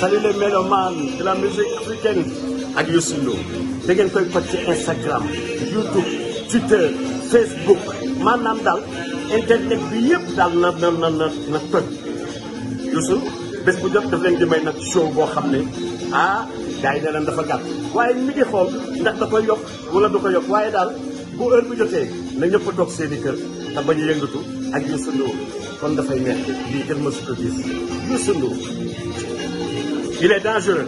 salut les mélomanes de la musique africaine ak Youssou Ndour da ngeen koy pot ci Instagram YouTube Twitter Facebook maanaam daal internet bi yëpp daal na na na na na bu jot daf leen di may nag show boo xam ne ah gars yi ne leen dafa gàtt waaye mi ngi xool ndax da koy yokk wala du ko yokk waaye daal bu heure bu na ñëpp a toog seeni kër te bañ a yëngatu ak Youssou Ndour kon dafay neex lii kenn ma ko gis Youssou Ndour Il est dangereux.